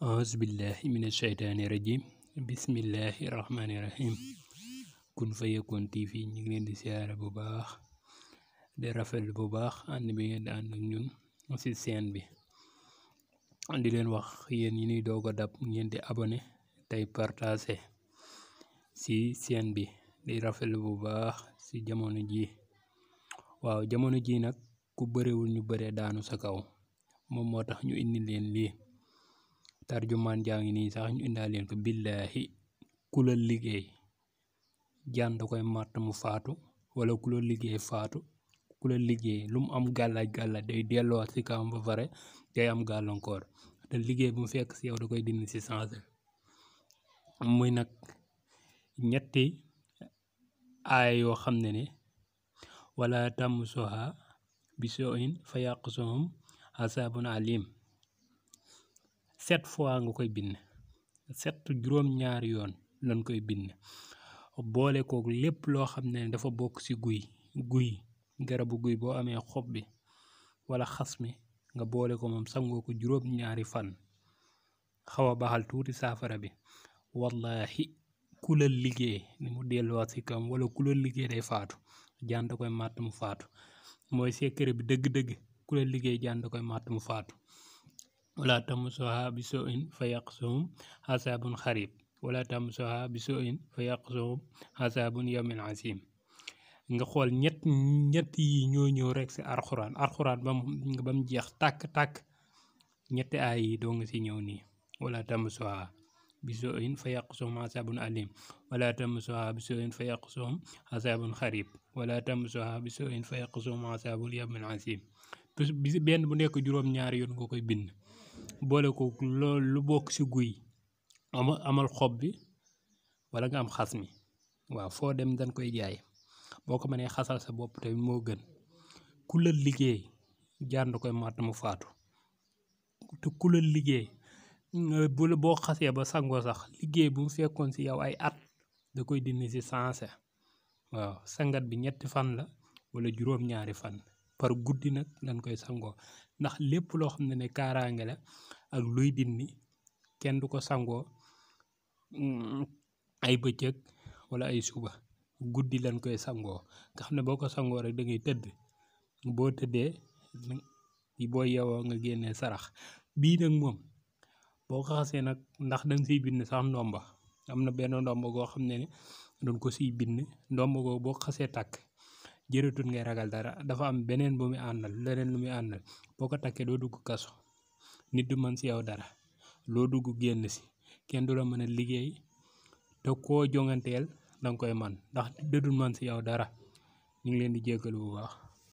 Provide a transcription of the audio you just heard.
ahosbillahi min asheytaani rajim bismillahi rahmaani rahim kun fayakun tv ñu ngi leen di siyaare bu baax di rafetlu bu baax ànd bi ngeen di ànd ak ñun ci seen bi di leen wax yéen yi ñuy doog a dab ngeen di abonné tey partagé ci seen bi di rafetlu bu baax ci jamono ji waaw jamono ji nag ku bëriwul ñu bëree daanu sa kaw moom moo tax ñu indi leen lii tarjumaan jaa ngi nii sax ñu indaa leen ko billaahi ku liggéey jaan da koy màtt mu faatu wala ku liggéey faatu ku liggéey lu am gàllaaj gàllaaj day delloo si kawam ba pare day am gàllankoor te liggéey bu mu fekk si yow da koy dindi si changé muy nag ñetti aay yoo xam ne ne wala tàmm soha bi in fa yàq sohum asaabun alim sept fois nga koy bind set juróom-ñaari yoon lan koy bind boole kook lépp loo xam ne dafa bokk ci guy guy garabu guy boo amee xob bi wala xas mi nga boole ko moom sangoo ko juróom-ñaari fan xaw a baxal tuuti saafara bi wallahi ku la liggéey ni mu delluwaat ci kam wala ku la liggéey day faatu jaan da koy màtt mu faatu mooy secret bi dëgg-dëgg ku la liggéey jaan da koy màtt mu faatu ولا تمسها بسوء فيقسم عذاب خريب wala tamsuha bi su'in fa yaqsuhum azabun yawmin azim nga xool ñett ñett yi ñoo ñëw rek si arxuraan arxuraan ba mu ba jeex tàkk tàkk ñetti aay yi doo nga si ñëw nii wala tamsuha bi su'in fa yaqsuhum azabun alim wala tamsuha bi su'in fa yaqsuhum azabun xarib wala tamsuha bi su'in bu nekk juróom-ñaari yoon nga koy bind boole ko loolu lu bokk ci guy ama amal xob bi wala nga am xas mi waaw foo dem dañ koy jaay boo ko mënee xasal sa bopp te moo gën ku la liggéey jaar na koy màtt mu faatu te ku la liggéey bu la boo xasee ba sangoo sax liggéey bu mu fekkoon ci yow ay at da koy dindi ci sanse waaw sangat bi ñetti fan la wala juróom-ñaari fan par guddi nag lañ koy sangoo ndax lépp loo xam ne ne kaaraange la ak luy dindi kenn du ko sangoo mm, ay bëccëg wala ay suba guddi lañ koy sangoo nga xam ne boo ko sangoo rek da tëdd boo tëddee boo yeewoo nga génnee sarax bii nag moom boo ko xasee nag ndax dañ siy bind sax ndomba am na benn ndomba goo xam ne ne doon ko siy bind ndomba go boo xasee tàkk jëratul ngay ragal dara dafa am beneen bu muy àndal leneen lu mu àndal boo ko takkee doo dugg kaso nit du mën si yow dara loo dugg génn si kenn du la mën a liggéey te koo jonganteel danga koy man ndax dëdul mën si yow dara ñu ngi leen di jéggalu bu baax